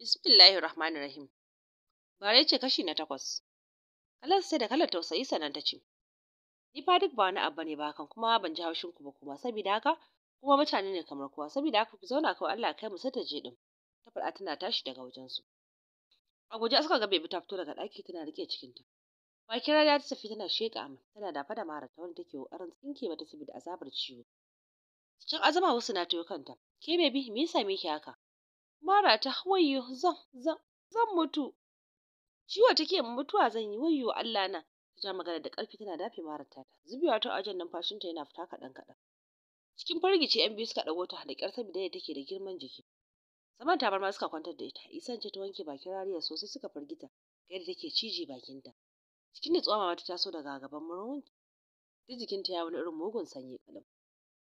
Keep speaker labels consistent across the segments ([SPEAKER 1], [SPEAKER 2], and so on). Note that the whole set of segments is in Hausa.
[SPEAKER 1] Bismillahi rahmani Rahim. Bare ce kashi na takwas. Kalar sai da kalar tausayi sanan ta ce. Ni fa duk ba wani abu ne ba kan kuma ban ji haushin ku ba kuma saboda haka kuma mutane ne kamar kowa saboda haka ku zauna kawai Allah kai mu sai ta je din. Ta faɗa tana tashi daga wajen su. A guje suka ga bebi ta fito daga ɗaki tana rike cikin cikinta. kira da ta tafi tana sheka amma tana dafa da mara ta wani take ƙoƙarin tsinke mata saboda azabar ciwo. Cikin azama wasu na tayo kanta. Ke bebi me yasa me ki haka? mara ta wayyo zan zan zan mutu ciwo take mutuwa zan yi wayyo Allah na ta magana da ƙarfi tana dafe mara ta zubewa ta numfashin ta yana fita kaɗan kaɗan cikin fargice yan biyu suka dago ta da ƙyar saboda yadda take da girman jiki saman tabarma suka kwantar da ita isan ce ta wanke bakin rariya sosai suka firgita ga yadda take cije bakinta cikin nutsuwa mata ta so daga gaban murhun ta jikinta ya wani irin mugun sanyi kadan.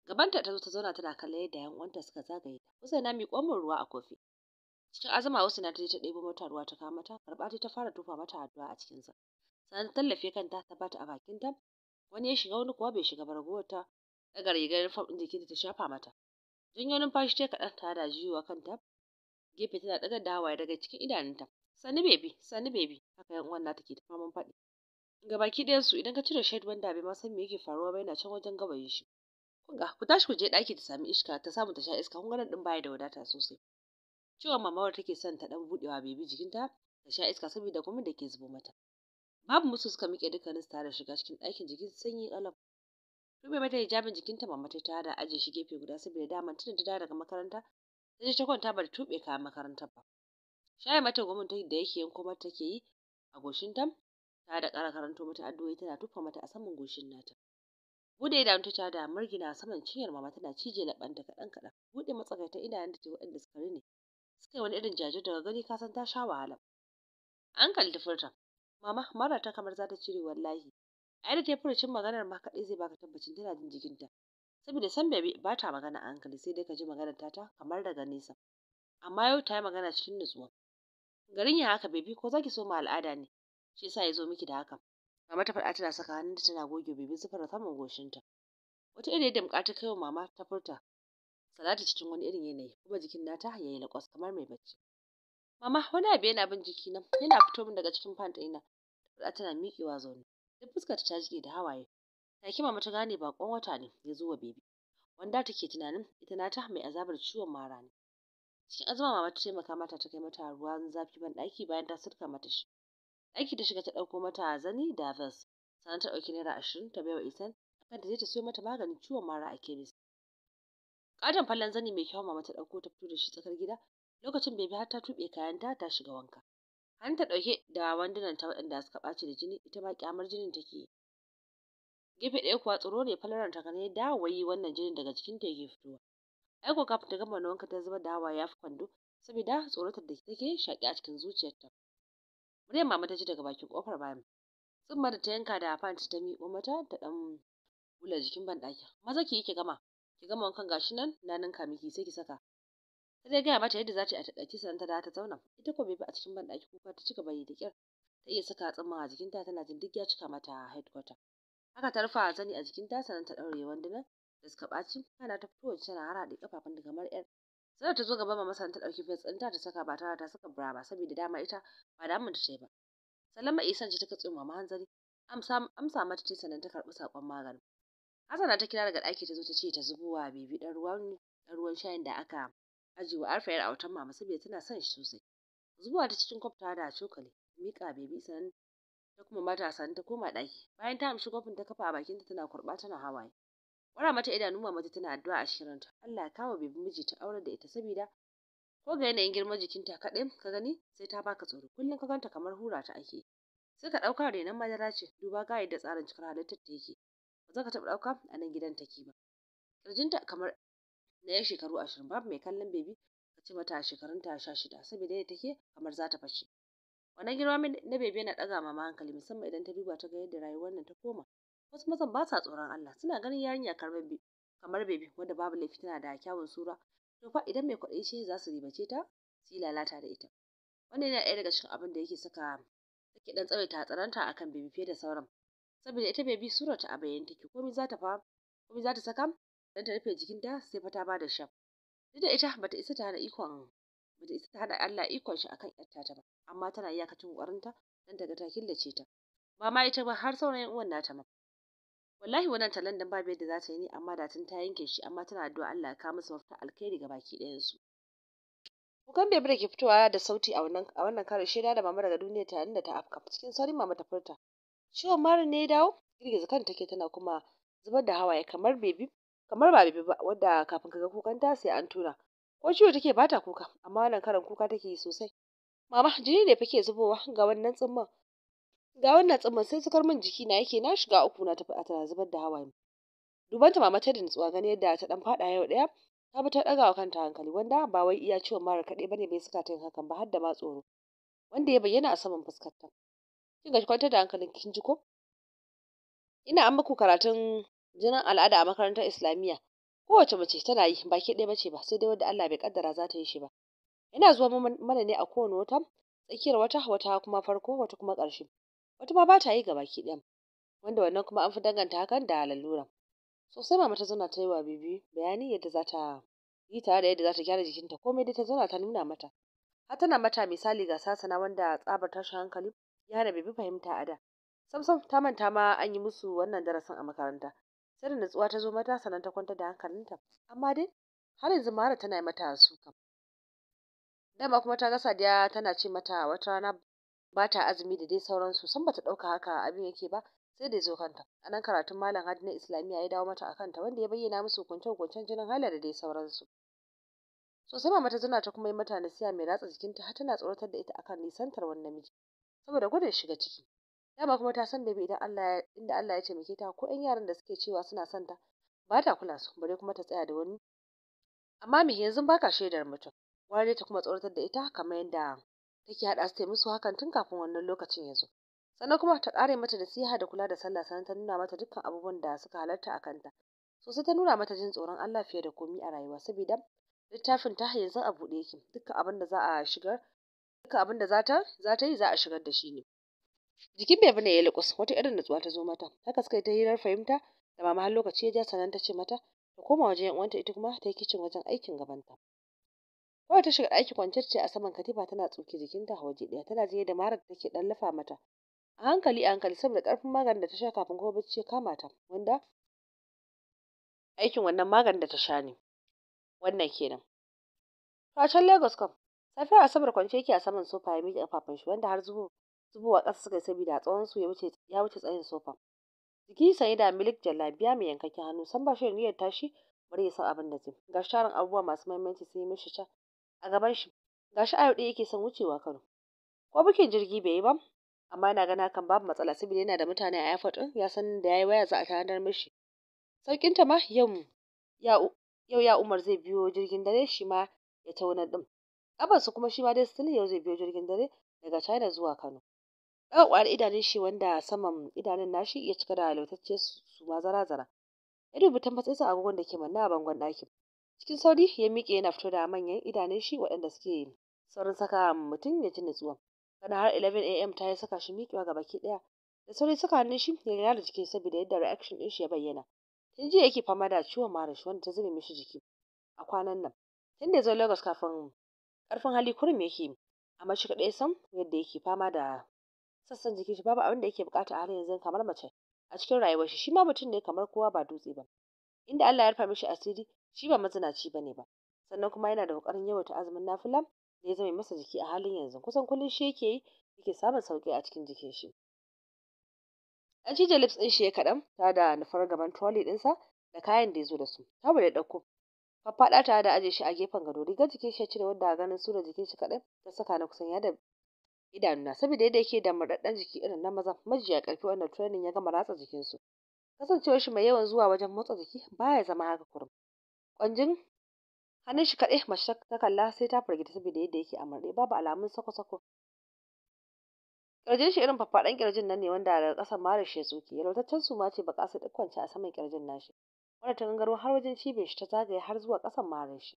[SPEAKER 1] gabanta ta zo ta zauna tana kallon yadda yan uwanta suka zagaye ta na miƙo min ruwa a kofi cikin azama wasu ta je ta ɗebo mata ruwa ta kawo mata karɓa ta fara tufa mata addu'a a cikin sa sannan ta tallafe kanta ta bata a bakin ta wani ya shiga wani kuwa bai shiga barguwar ta daga rigar fam ɗin jikin ta shafa mata janyo numfashi ta kaɗan ta da jiwa kanta gefe tana ɗaga da hawaye daga cikin idanunta sani bebi sani bebi haka yan uwan nata ke ta faman faɗi baki ɗayan su idan ka cire shaiduwan wanda bai ma san me yake faruwa ba yana can wajen gabayin shi ga ku tashi ku je ɗaki ta sami iska ta samu ta sha iska kun nan ɗin baya da wadata sosai. Cewa mamawar take son ta dan buɗewa bebi jikinta ta sha iska saboda gumin da ke zubo mata. Babu musu suka miƙe dukkanin su tare da shiga cikin ɗakin jikin sanyi alam. Rube mata hijabin jikinta mamma ta tare aje shi gefe guda saboda daman tana da daga makaranta ta je ta kwanta ba da tuɓe kayan makarantar ba. Shaya mata gumin da yake yanko mata take yi a goshinta ta da ƙara karanto mata addu'o'i tana tufa mata a saman goshin nata. Bude idanunta ta da na saman cinyar mama tana cije labanta kaɗan kaɗan. Bude idanun da ta waɗanda suka rine. Suka yi wani irin jajir daga gani ka san ta sha wahala. An kalli furta. Mama mara ta kamar za ta cire wallahi. A da ta furucin maganar ma kaɗai zai baka tabbacin tana jin jikinta. Saboda san bai ba ta magana a hankali sai dai ka ji maganar ta kamar daga nesa. Amma yau ta yi magana cikin nutsuwa. Garin ya haka bebi ko za ki so ma al'ada ne. Shi yasa ya zo miki da haka. Mama ta faɗa tana saka hannunta tana goge bebe zufar saman goshinta. Wata irin damƙa ta kai wa mama ta furta. Salatu cikin wani irin yanayi kuma jikin nata ya yi laƙwas kamar mai bacci. Mama wani abu yana bin jiki na. yana fito min daga cikin pant ɗina. Faɗa tana miƙewa zaune. Duk fuskarta ta jike da hawaye. Ta Take mama ta gane baƙon wata ne ya zo wa bebe. Wanda take tunanin ita nata mai azabar ciwon mara ne. Cikin azuma mama ta taimaka mata ta kai mata ruwan zafi ban ɗaki bayan ta sirka mata shi. Aiki ta shiga ta ɗauko mata zani da vas Sannan ta ɗauki naira ashirin ta baiwa Isan akan da zai ta siyo mata maganin ciwon mara a kemis. Ƙaton falon zani mai kyau mama ta ɗauko ta fito da shi tsakar gida. Lokacin bai bi har ta tuɓe kayanta ta shiga wanka. Hanta ɗauke da wandunan ta waɗanda suka ɓaci da jini ita ma ƙyamar jinin take yi. Gefe ɗaya kuwa tsoro ne falaran ta gane da wayi wannan jinin daga cikin ta yake fitowa. Aiko kafin ta gama wanka ta zuba da hawa ya fi kwando saboda tsoratar da take shaƙi a cikin zuciyarta. Muryar mama ta ji daga bakin kofar bayan. Tsumma da ta yanka da fan ta miƙo mata ta dan bula jikin banɗakin. Maza ki yi ki gama. Ki gama wankan gashi nan na ninka miki sai ki saka. Ta dai gaya mata yadda za ta yi a taƙaice sannan ta da ta zauna. Ita ko bai a cikin banɗaki kuka ta cika bayi da ƙyar. Ta iya saka tsumma a jikinta tana jin duk ya cika mata headquarter. Haka ta rufa zani a jikinta sannan ta ɗaure wandunan da suka ɓaci. Kana ta fito tana harhaɗe ƙafafun da kamar 'yar sai ta zo gaba ma san ta dauki fes ɗinta ta saka ba tare ta saka bra ba saboda dama ita ba damun ta ce ba salama isan ce ta katse hanzari amsa amsa mata ce sanan ta karbi sakon magani Hassana ta kira daga ɗaki ta zo ta ce ta zubo wa bibi ɗan ruwan ruwan shayin da aka ajiye wa arfayar yar autan mama saboda tana son shi sosai zuwa ta cikin kwafta da cokali mika bibi, sanan ta kuma mata sannan ta koma ɗaki bayan ta amshi kofin ta kafa a bakinta tana kurba tana hawaye wara mata idanu mama tana addu'a a shirinta Allah ya kawo bibi miji ta aure da ita saboda ko ga yanayin girman jikinta kaɗai ka gani sai ta baka tsoro kullum ka ganta kamar hura ta ake ka ɗauka renon madara ce duba ga yadda tsarin cikar halittar ta yake ba za ka taɓa ɗauka a nan gidan take ba kirjinta kamar na yan shekaru ashirin babu mai kallon bebi ka ce mata shekarun ta sha shida saboda yadda take kamar za ta fashe wannan girma na bebi yana ɗaga mama hankali musamman idan ta duba ta ga yadda rayuwar nan ta koma wasu mazan ba sa tsoron Allah suna ganin yarinya karɓar kamar bebi wanda babu laifi tana da kyawun sura to fa idan mai kwaɗayi ce za su ribace ta su yi lalata da ita wannan yana ɗaya daga cikin abin da yake saka take dan tsawaita tsaranta akan bebi fiye da sauran saboda ita bebi sura ta a bayyane take komai za ta fa komai za ta saka dan ta rufe jikinta sai fa ta ba da shaf duk da ita bata isa ta hana ikon bata isa ta hana Allah ikon shi akan yarta ta ba amma tana iyakacin ƙwarinta dan ta ga ta killace ta ba ma ita ba har saurayin uwan nata ma wallahi wannan talan din babu yadda za ta yi amma da tun ta yanke shi amma tana addu'a Allah ya kawo musu mafita alkhairi ga baki ɗayan su kukan bai da ke fitowa da sauti a wannan a wannan karin shaida da mamara da duniya tare da ta afka cikin saurin mama ta furta ciwon marin ne dawo girgiza kan take tana kuma zubar da hawaye kamar bebi kamar ba bebi ba wadda kafin kaga kukan ta sai an tura ko ciwo take bata kuka amma wannan karin kuka take yi sosai mama jini ne fake zubowa ga wannan tsimman ga wannan tsimman sai sukar min jiki na yake na shiga uku na tafi a zubar da hawaye duban ta mama ta da nutsuwa gani yadda ta dan fada yau daya ta bi ta daga wa kanta hankali wanda ba wai iya ciwon mara kadai bane bai saka ta yin hakan ba har da ma tsoro wanda ya bayyana a saman fuskar ta kin ga kwantar da hankalin kin ji ko ina an muku karatun jinin al'ada a makarantar islamiyya kowace mace tana yi baki ɗaya bace ba sai dai wanda Allah bai kaddara za ta yi shi ba yana zuwa mana ne a kowane wata tsakiyar wata wata kuma farko wata kuma ƙarshe wata ma ba ta yi gabaki ɗayan wanda wannan kuma an fi danganta hakan da laluran sosai mama ta zauna ta yi wa bibi bayani yadda za ta yi tare da yadda za ta gyara jikinta komai dai ta zauna ta nuna mata har tana mata misali ga sasana wanda tsabar tashin hankali ya hana bibi fahimta a da sam sam ta manta ma an yi musu wannan darasin a makaranta sai da natsuwa ta zo mata sannan ta kwantar da hankalinta amma dai har yanzu mara tana yi mata suka dama kuma ta ga sadiya tana ce mata wata rana ba ta azumi da dai sauransu san bata dauka haka abin yake ba sai da zo kanta a nan karatun malam hadi na islamiyya ya dawo mata a kanta wanda ya bayyana musu hukuncin hukuncin jinin hala da dai sauransu sosai sai ta zana ta kuma yi mata nasiya mai ratsa jikinta har tana tsoratar da ita akan nisantar wani namiji saboda gudun shiga ciki dama kuma ta san bebe idan Allah inda Allah ya taimake ta ko 'yan yaran da suke cewa suna son ta ba ta kula su bare kuma ta tsaya da wani amma mi yanzu baka shaidar mutum ware ta kuma tsoratar da ita kamar yadda take haɗa su ta musu hakan tun kafin wannan lokacin ya zo sannan kuma ta ƙare mata nasiha da kula da sallah sannan ta nuna mata dukkan abubuwan da suka halarta a kanta sosai ta nuna mata jin tsoron Allah fiye da komai a rayuwa saboda littafin ta yanzu a buɗe yake dukkan abin da za a shigar dukkan abin da za ta za ta yi za a shigar da shi ne jikin bai bane ya liƙus wata irin natsuwa ta zo mata haka suka yi ta hirar fahimta da mama har lokaci ya ja sannan ta ce mata ta koma wajen yan uwanta ita kuma ta yi kicin wajen aikin gabanta Kawai ta shiga ɗaki ce a saman katifa tana tsuke jikinta a waje ɗaya tana jiye da marar da take ɗan lafa mata. A hankali a hankali saboda ƙarfin maganin da ta sha kafin kuma bacci ya kama ta wanda aikin wannan maganin da ta sha ne. Wannan kenan. To a can Lagos kam a Asabar kwance yake a saman sofa ya miƙe ƙafafun shi wanda har zubo zubowa ƙasa suka yi saboda tsawon su ya wuce ya wuce tsayin sofa. Jiki sanye da milik jallabiya mai yankakken hannu san ba shi da niyyar tashi bari ya san abin da zai. Ga sharan abubuwa masu muhimmanci sun yi mishi ca a gaban shi gashi a yau yake son wucewa Kano ko bikin jirgi bai yi ba amma ina ganin hakan babu matsala saboda yana da mutane a airport din ya san da yayi waya za a tanadar mishi saukin ta ma yau ya yau ya Umar zai biyo jirgin dare shi ma ya tauna din Abbas kuma shi ma dai sun yau zai biyo jirgin dare daga China zuwa Kano daga kwari idanun shi wanda saman idanun nashi ya cika da lautacce su ma zara zara ya dubi tambatsai sa agogon da ke manna a bangon ɗakin cikin sauri ya miƙe yana fito da manyan idanun shi waɗanda suke saurin saka mutum ya ji nutsuwa kana har 11 am ta yi saka shi miƙewa ga baki ɗaya da sauri saka hannun shi ya gina da jiki saboda yadda reaction ɗin shi ya bayyana tun jiya yake fama da ciwon marash wanda ta zube mishi jiki a kwanan nan tun da ya lagos kafin Karfin hali kurum yake amma shi kaɗai sam yadda yake fama da sassan jikin shi babu abinda da yake bukata a halin yanzu kamar mace a cikin rayuwar shi shi ma mutum ne kamar kowa ba dutse ba inda Allah ya rufa mishi asiri shi ba mazinaci bane ba sannan kuma yana da ƙoƙarin yawaita azumin nafila da ya zama masa jiki a halin yanzu kusan kullun shi yake yi yake samun sauki a cikin jikin shi an cije lips ɗin shi ya kaɗan ta da nufar gaban trolley sa da kayan da ya zo da su ta bude ɗauko faffaɗa ta da aje shi a gefen gado rigar jikin shi ya cire wanda ganin sura jikin shi kaɗan ta saka na kusan idanu idanuna saboda yadda yake da murɗaɗɗen jiki irin na maza majiya ƙarfi wanda training ya gama ratsa jikinsu kasancewar shi mai yawan zuwa wajen motsa jiki baya zama haka kurum kwanjin hannun shi kaɗai mace ta kalla sai ta firgita saboda yadda yake a babu alamun sako-sako kirjin shi irin faffaɗan kirjin nan ne wanda daga ƙasan mara shi ya tsoke yalwataccen su ma ce baka su duk kwance a saman kirjin nashi wanda ta gangaro har wajen cibin shi ta zagaye har zuwa ƙasan marar shi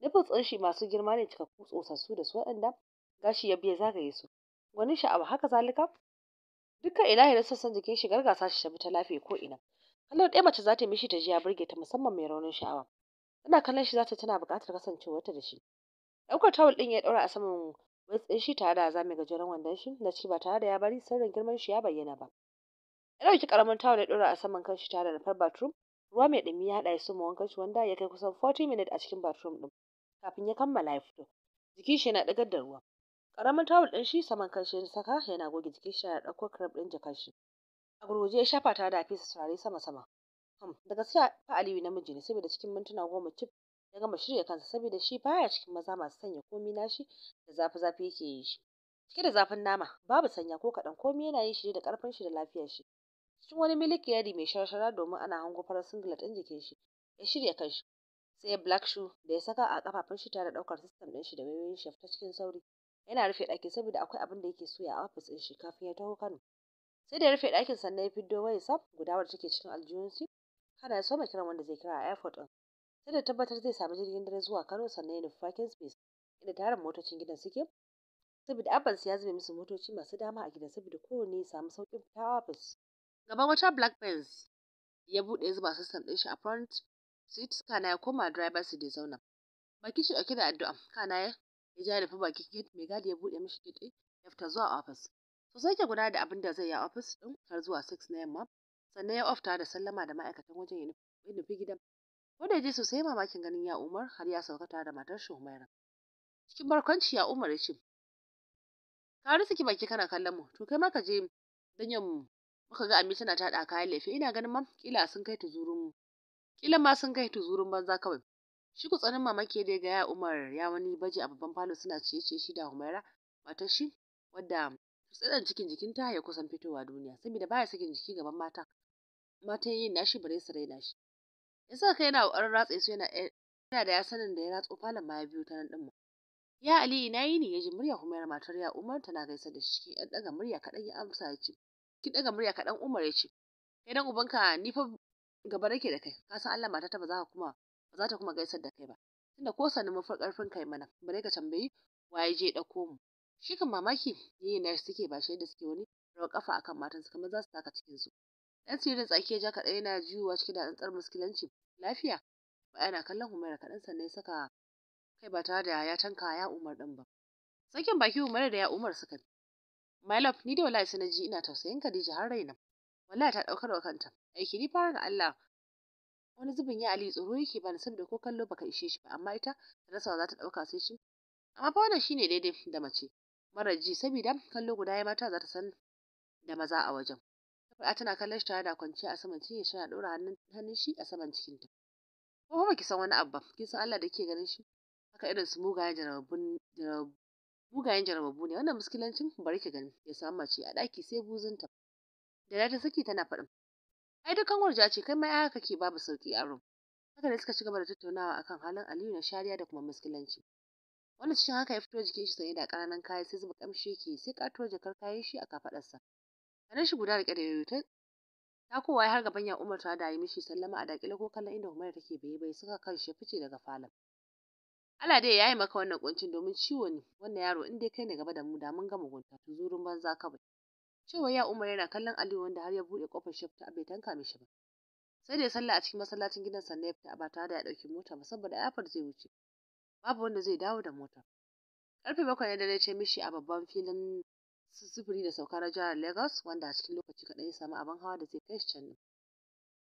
[SPEAKER 1] nufin tsin shi masu girma ne cikakku tsosassu da su waɗanda gashi ya biya zagaye su gwanin sha'awa haka zalika dukkan sun sassan jikin shi gargasa shi tafi ta lafiya ko ina kallon ɗaya mace za ta mishi ta ji ya burge ta musamman mai raunin sha'awa tana kallon shi za ta tana buƙatar kasancewarta da shi ɗaukar tawul ɗin ya daura a saman waist shi tare da zame gajeren wandon shi na ciki ba tare da ya bari sirrin girman shi ya bayyana ba ya ɗauki ƙaramin tawul ya ɗora a saman shi tare da far bathroom ruwa mai ɗumi ya haɗa ya suma wankan shi wanda ya kai kusan 40 minutes a cikin bathroom ɗin kafin ya kammala ya fito jikin shi yana ɗagar da ruwa karamin tawul din shi saman kanshi saka yana goge jikin shi yana dauko kirab din jakar shi a gurguje ya shafa ta da fesa turare sama sama hmm, da gaskiya fa Aliyu namiji ne saboda cikin mintuna goma cif ya gama shirya kansa saboda shi baya cikin maza masu sanya komi shi da zafi zafi yake yi shi cike da zafin nama babu sanya ko kadan, komi yana yin shi da karfin shi da lafiyar shi cikin wani miliki yadi mai sharshara domin ana hango farar singlet ɗin jikin shi ya shirya kanshi sai black shoe da ya saka a kafafun shi tare da ɗaukar system ɗin shi da wayoyin shi ta cikin sauri yana rufe ɗakin saboda akwai abin da yake so ya ofis ɗin shi kafin ya taho Kano sai da ya rufe ɗakin sannan ya fiddo wayar saf guda wadda take cikin aljihunsu kana ya soma kiran wanda zai kira a airport ɗin sai da tabbatar zai samu jirgin dare zuwa Kano sannan ya nufi parking space inda tarin motocin gidan suke saboda abansu ya zube musu motoci masu dama a gidan saboda kowanne ya samu sauƙin fita ofis gaban wata black benz ya buɗe ya zuba sistan ɗin shi a front seat kana ya koma driver su da zauna baki shi ɗauke da addu'a kana ya ya ja nufi bakin gate mai gadi ya buɗe mishi gate ya fita zuwa office sai ke guda da abin da zai yi a office ɗin har zuwa 6 na yamma sannan ya ofta da sallama da ma'aikatan wajen ya nufi gidan wanda ya je sosai mamakin ganin ya umar har ya sauka tare da matar shi umaira cikin barkwanci ya umar ya ce ka ki baki kana kallon mu to kai ma ka je danyen mu muka ga ami tana tada kayan lefe ina ganin ma kila sun kai tuzurun mu kila ma sun kai tuzurun banza kawai Shi kutsarin mamaki dai ya ga ya Umar ya wani baje a babban falo suna ciye-ciye shi da Humaira matar shi wadda tsadan cikin jikinta ya kusan fitowa duniya saboda baya sakin jiki gaban matan. Matan yin nashi bare su raina shi. Ya sa kai yana ƙoƙarin ratse su yana eh, yana da ya sanin da ya ratso falon ma ya biyo ta nan Ya Ali ina yi ya ji murya Humaira matar ya Umar tana gaisa da shi cikin ɗan ɗaga murya kaɗan ya amsa ya ce. ki ɗaga murya kaɗan Umar ya ce. Kai dan ubanka ni fa gaba nake da kai ka san Allah mata ta ba za ka kuma za ta kuma gaisar da kai ba tunda ko sanin mun karfin kai mana bare ka tambayi waye je dauko mu shi kan mamaki ne na suke ba shi yadda suke wani rawa kafa akan matan su kamar za su taka cikin su dan sirrin tsakiya ja kaɗai yana jiwa cikin da tsantsar muskilanci lafiya ba yana kallon Humaira kaɗan sannan saka kai ba tare da ya tanka ya Umar din ba sakin baki Umar da ya Umar suka my love ni da wallahi sai na ji ina tausayin Khadija har raina wallahi ta ɗaukar wa kanta aiki ni fara ga Allah wani zubin ya ali tsoro yake bani saboda ko kallo baka ishe shi ba amma ita ta rasa za ta ɗauka sai shi amma fa wannan shine daidai da mace mara ji saboda kallo guda ya mata za ta san da maza a wajen a tana kallon shi tare da kwanciya a saman cinya shi na ɗora hannun shi a saman cikinta ko ba ki san wani abu ba kin san Allah da ke ganin shi haka irin su mugayen jarababbun mugayen ne wannan muskilancin bari ki gani ya samu mace a daki sai buzunta da ta saki tana faɗin ai duk kanwar ja ce kai ma ya kake babu sauki a rum haka ne suka ci gaba da tattaunawa akan halin Aliyu na shariya da kuma muskilanci wanda cikin haka ya fito jikin shi sanye da ƙananan kaya sai zuba kamshi yake sai ƙato jakar kayan shi a kafaɗarsa hannun shi guda riƙe da yoyo ta Ta kowa har gaban ya Umar ta da yi mishi sallama a dakile ko kallon inda umar take bai bai suka kan shi fice daga falon Allah dai yayi maka wannan kuncin domin ciwo ne wannan yaro in dai kai ne gaba da mu da mun ga mugunta tuzurun banza kawai Cewar ya Umar yana kallon Aliyu wanda har ya buɗe kofar shi ta bai tanka mishi ba. Sai da ya sallah a cikin masallacin gidan sa ya ba tare da ya ɗauki mota ba saboda ayafar zai wuce. Babu wanda zai dawo da mota. Karfe bakwai na dare ce mishi a babban filin sufuri da saukar jihar Lagos wanda a cikin lokaci kaɗan ya samu abin hawa da zai kai shi can.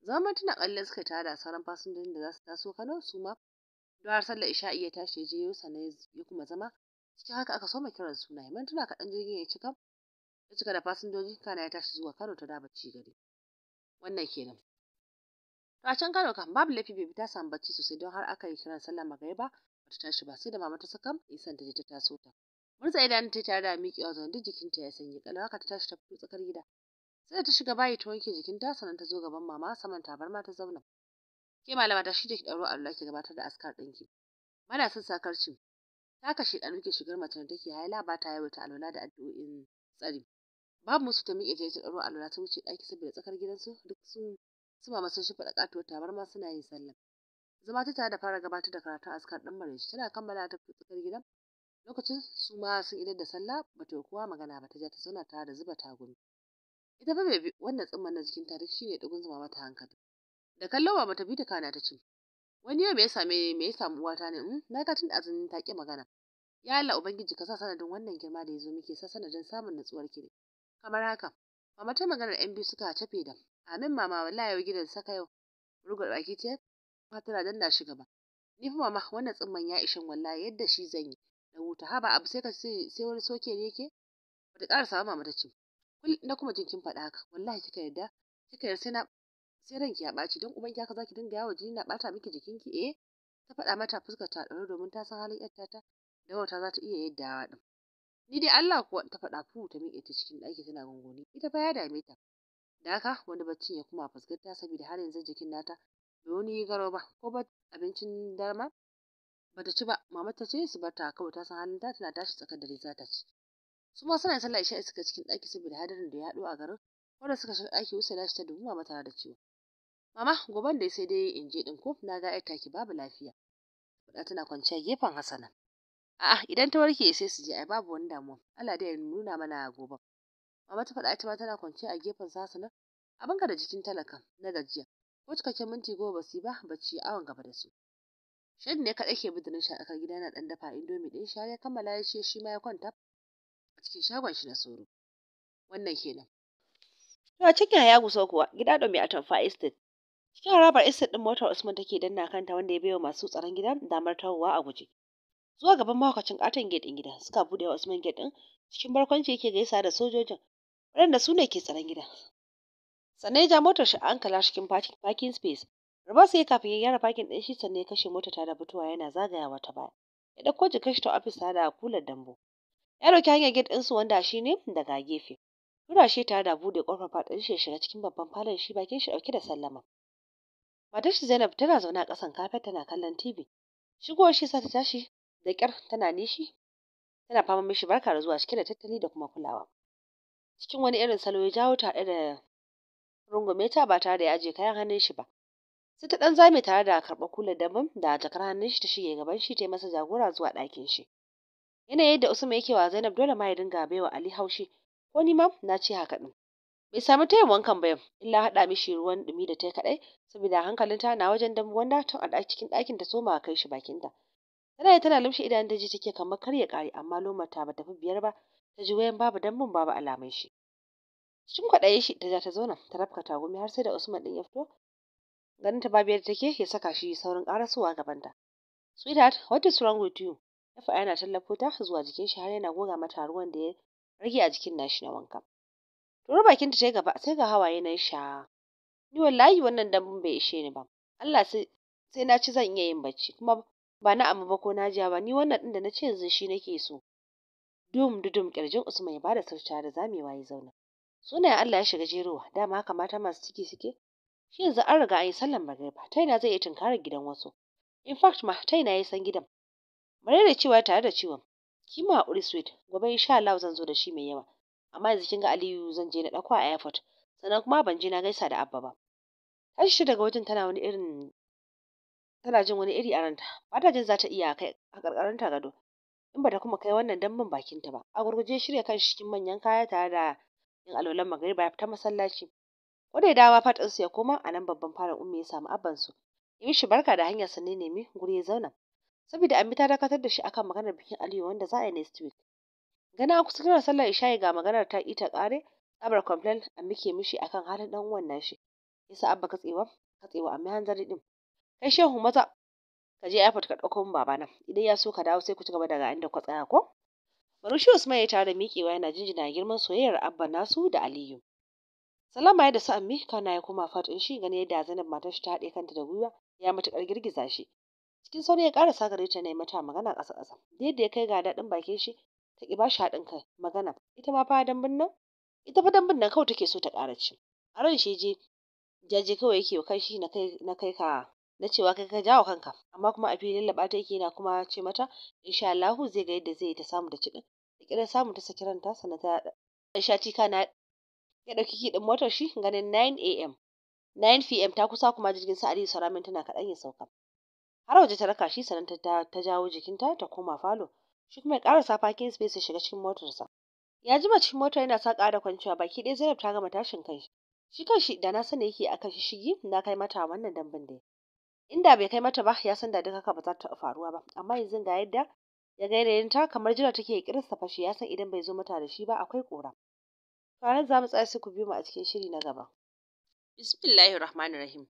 [SPEAKER 1] Zaman tuna kallon suka tare da sauran fasinjojin da za su taso Kano su ma don sallar isha'i ya tashi ya je sannan ya kuma zama cikin haka aka soma kiran suna. mintuna kaɗan jirgin ya cika ta cika da fasinjoji kana ya tashi zuwa Kano ta ci gari wannan kenan to a can Kano kan babu laifi bai ta samu bacci sosai don har aka yi kiran sallar magariba ta tashi ba sai da mama ta saka isan ta je ta taso ta murza idan ta tare da miƙewa zan duk jikinta ya sanyi kana haka ta tashi ta fito tsakar gida sai ta shiga bayi ta wanke jikinta sannan ta zo gaban mama saman tabarma ta zauna ke malama ta shi da ki ɗauro Allah ki gabatar da askar ɗinki mana son sakarci ta kashe ɗan shigar mace da take haila ba ta yawaita alwala da addu'o'in tsari babu musu ta miƙe ta ɗaro lura ta wuce ɗaki saboda tsakar gidansu duk sun su ba masu shi faɗa tabarma suna yin sallah zama ta tare da fara gabatar da karatun askar ɗan mare tana kammala ta tsakar gidan lokacin su ma sun idar da sallah ba yi kowa magana ba ta ja ta zauna tare da zuba tagumi ita fa bai wannan tsimman na jikin ta duk ne dugun zuma mata hankali da kallon ba mata bi ta kana ta ce wani yau me ya same me ya samu uwata ne hmm, na ga tun azumin ta ki magana ya Allah ubangiji ka sa sanadin wannan girma da ya zo muke sa sanadin samun natsuwar ki kamar haka mama ta maganar yan biyu suka tafe da amin mama wallahi yau gidan saka yau rugar baki ta tana danna shi gaba ni fa mama wannan tsimman ya ishin wallahi yadda shi zan yi Da huta haba abu sai ka sai wani soke ne yake bata ƙara sama mama ta ce na kuma jinkin kin faɗa haka wallahi kika yarda kika yarda sai na sai ranki ya ɓaci don uban haka zaki dinga yawo jini na ɓata miki jikinki eh ta faɗa mata fuskar ta ɗaure domin ta san halin yarta ta da wata za ta iya yaddawa din Ni dai Allah kuwa ta faɗa fu ta miƙe ta cikin ɗaki tana gunguni ita fa ya dame ta. Da haka wani bacci ya kuma fuskanta saboda har yanzu jikin nata bai wani yi ba ko ba abincin dare ma bata ci ba mama ta ce su barta kawai ta san halin ta tana tashi tsakar dare za ta ci. Su ma suna sallah isha suka cikin ɗaki saboda hadarin da ya haɗo a garin wanda suka shiga ɗaki Usaina ta dubi mama tana da cewa Mama goban da sai dai in je ɗin ko na ga ƴar taki babu lafiya. Faɗa tana kwanciya gefen Hassana. A'a idan ta warke sai su je ai babu wani damuwa. Allah dai ya nuna mana gobe Mama ta faɗa ita ma tana kwance a gefen sasana. Abin ka da jikin talaka na gajiya. Ko cikakken minti goma ba su yi ba bacci awon gaba da su. Shaidu ne kaɗai ke bidirin shi a tsakar gida yana ɗan dafa indomi ɗin shi kammala ya ce shi ma ya kwanta a cikin shagon shi na soro. Wannan kenan. To a cikin ya guso kuwa gida ɗau mai atamfa estate. Cikin harabar estate ɗin motar Usman take danna kanta wanda ya bai wa masu tsaron gidan damar tahowa a guje. zuwa gaban mahaukacin katon gate din gida suka bude wa Usman gate din cikin barkwanci yake gaisa da sojojin waɗanda su ne ke tsaron gidan sannan ya ja motar shi an kala cikin parking space rubar sai kafin ya yara parking din shi sannan ya kashe mota ta da fitowa yana zagayawa ta baya ya dauko jikar shi ta office ta da kular dambo ya dauki hanyar gate din su wanda shi ne daga gefe tura shi tare da bude kofar fadin shi ya shiga cikin babban falon shi bakin shi dauke da sallama matar shi Zainab tana zaune a kasan kafet tana kallon TV shigo shi sa ta tashi da ƙyar tana nishi tana fama mishi barka da zuwa cike da tattali da kuma kulawa cikin wani irin salo ya jawo ta haɗe da rungume ta ba tare da ya aje kayan hannun shi ba sai ta ɗan zame tare da karɓar kulan dabam da jakar hannun shi ta shige gaban shi ta yi masa jagora zuwa ɗakin shi yanayin yadda Usman yake wa Zainab dole ma ya dinga baiwa Ali haushi ko ni ma na ce haka din bai samu tayin wankan ba illa haɗa mishi ruwan ɗumi da ta kaɗai saboda hankalinta na wajen wanda, tun a cikin ɗakin ta soma kai shi bakinta Tana tana lumshe idanun da ji take kamar kar ya kare amma ta bata fi biyar ba ta ji wayan babu dambun babu alamun shi. Cikin kwaɗaye shi ta ja ta zauna ta rafka tagumi har sai da Usman din ya fito. Ganin ta babu yadda take ya saka shi saurin karasowa gabanta. Sweetheart, what is wrong with you? Ya faɗa yana tallafo ta zuwa jikin shi har yana goga mata ruwan da ya rage a jikin nashi na wanka. Turo bakin ta ta gaba sai ga hawaye nan sha. Ni wallahi wannan dambun bai ishe ni ba. Allah sai sai na ci zan iya yin bacci kuma ba na abu ba ko na jiya ba ni wannan ɗin da na ce yanzu shi nake so dum dudum kirjin usman ya bada sarta da zame waye zauna sunayen Allah ya shiga jerowa dama haka mata masu ciki suke shi yanzu an riga an yi sallan magriba ta ina zai yi tunkarar gidan wasu in fact ma ta ina yi san gidan bare da cewa tare da ciwon ki ma haƙuri sweet gobe insha Allah zan zo da shi mai yawa amma yanzu kin ga Aliyu zan je na ɗauko a airport sannan kuma ban je na gaisa da Abba ba tashi daga wajen tana wani irin tana jin wani iri a ranta ba ta jin za ta iya kai a ta gado in ba ta kuma kai wannan bakin bakinta ba a gurguje shirya kan cikin manyan kaya tare da yin alwalan magariba ta masallaci ko da dawa su ya koma a nan babban farin ummi ya samu su ya shi barka da hanyar sanne nemi guri ya zauna saboda bi ta dakatar da shi akan maganar bikin aliyu wanda za a yi next week gana kusa kira sallar isha'i ga maganar ta ita kare tsabar complain a ke mishi akan halin dan uwan nashi yasa abba katsewa katsewa ammi hanzari din kai shehu maza ka je airport ka ɗauko baba babana idan ya so ka dawo sai ku ci gaba daga inda ku tsaya ko Barushi Usman ya tare miƙewa yana jinjina girman soyayyar Abba Nasu da Aliyu. Salama ya da sa'ammi kana ya koma fatin shi gani yadda Zainab matar shi ta haɗe kanta da gwiwa ya matukar girgiza shi. Cikin sauri ya ƙara gare ta yi mata magana ƙasa ƙasa. Da yadda ya kai ga daɗin bakin shi ta ƙi bashi haɗin kai magana. Ita ma fa dambin nan? Ita fa dambin nan kawai take so ta ƙara ci. A shi je jaje kawai yake wa kai shi na kai ka na cewa kai ka jawo kanka amma kuma a filin labata ta yake yana kuma ce mata insha Allahu zai ga yadda zai yi ta samu da cikin da kiran samu ta saki ranta sannan ta dan shati kana ya ki kiɗin motar shi ganin 9 a.m. 9 p.m. ta kusa kuma jirgin sa Aliyu Sarami tana kaɗan ya sauka har waje ta raka shi sannan ta, ta jawo jikinta ta koma falo shi kuma ya karasa parking space ya shiga cikin motarsa ya jima cikin motar yana saka da kwanciya baki ɗaya Zainab ta gama tashin kai shi kan shi da na sani yake akan shi shigi na kai mata wannan dambin dai inda bai kai mata ba ya san da duk haka ba za ta faruwa ba amma yanzu ga yadda ya ga yanayin ta kamar jira take sa fashe ya san idan bai zo mata da shi ba akwai kora to za mu tsaya su ku biyo mu a cikin shiri na gaba bismillahir rahmanir rahim